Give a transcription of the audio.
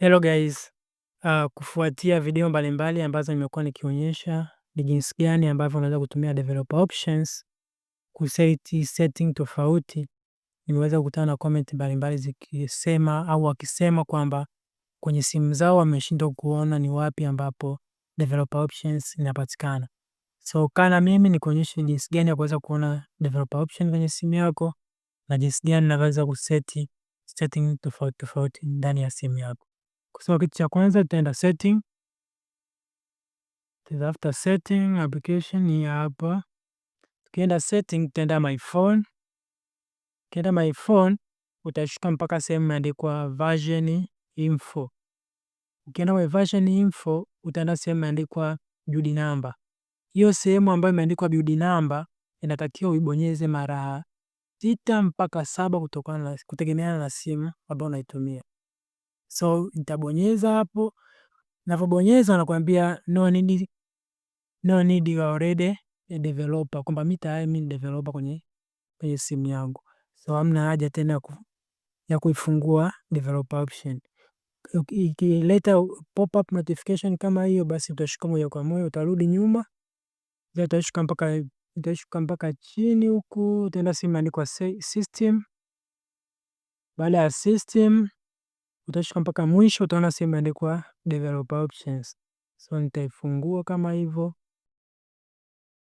Hello guys. Uh, kufuatia video mbalimbali ambazo nimekuwa nikionyesha ni jinsi gani ambavyo unaweza kutumia developer options kuseti setting tofauti, nimeweza kukutana na comment mbalimbali zikisema au wakisema kwamba kwenye simu zao wameshindwa kuona ni wapi ambapo developer options inapatikana. So kana mimi nikuonyeshe jinsi gani ya kuweza kuona developer option kwenye simu yako na jinsi gani unaweza kuseti setting tofauti tofauti ndani ya simu yako kusema kitu cha kwanza tutaenda setting, after setting application ni hapa. Tukienda setting tutaenda my phone, ukienda my phone utashuka mpaka sehemu imeandikwa version info. Ukienda kwa version info utaenda sehemu imeandikwa build number. Hiyo sehemu ambayo imeandikwa build number inatakiwa uibonyeze mara sita mpaka saba kutokana na kutegemeana na simu ambayo unaitumia. So nitabonyeza hapo, navyobonyeza nakwambia no need, no need you are already a developer, kwamba mi tayari mi ni developer kwenye kwenye simu yangu, so amna haja tena ya ya kuifungua developer option. Ikileta pop up notification kama hiyo, basi utashuka moja kwa moja, utarudi nyuma, utashuka mpaka utashuka mpaka chini huku, utaenda sehemu imeandikwa system. Baada ya system utashuka mpaka mwisho utaona sehemu imeandikwa developer options, so nitaifungua kama hivyo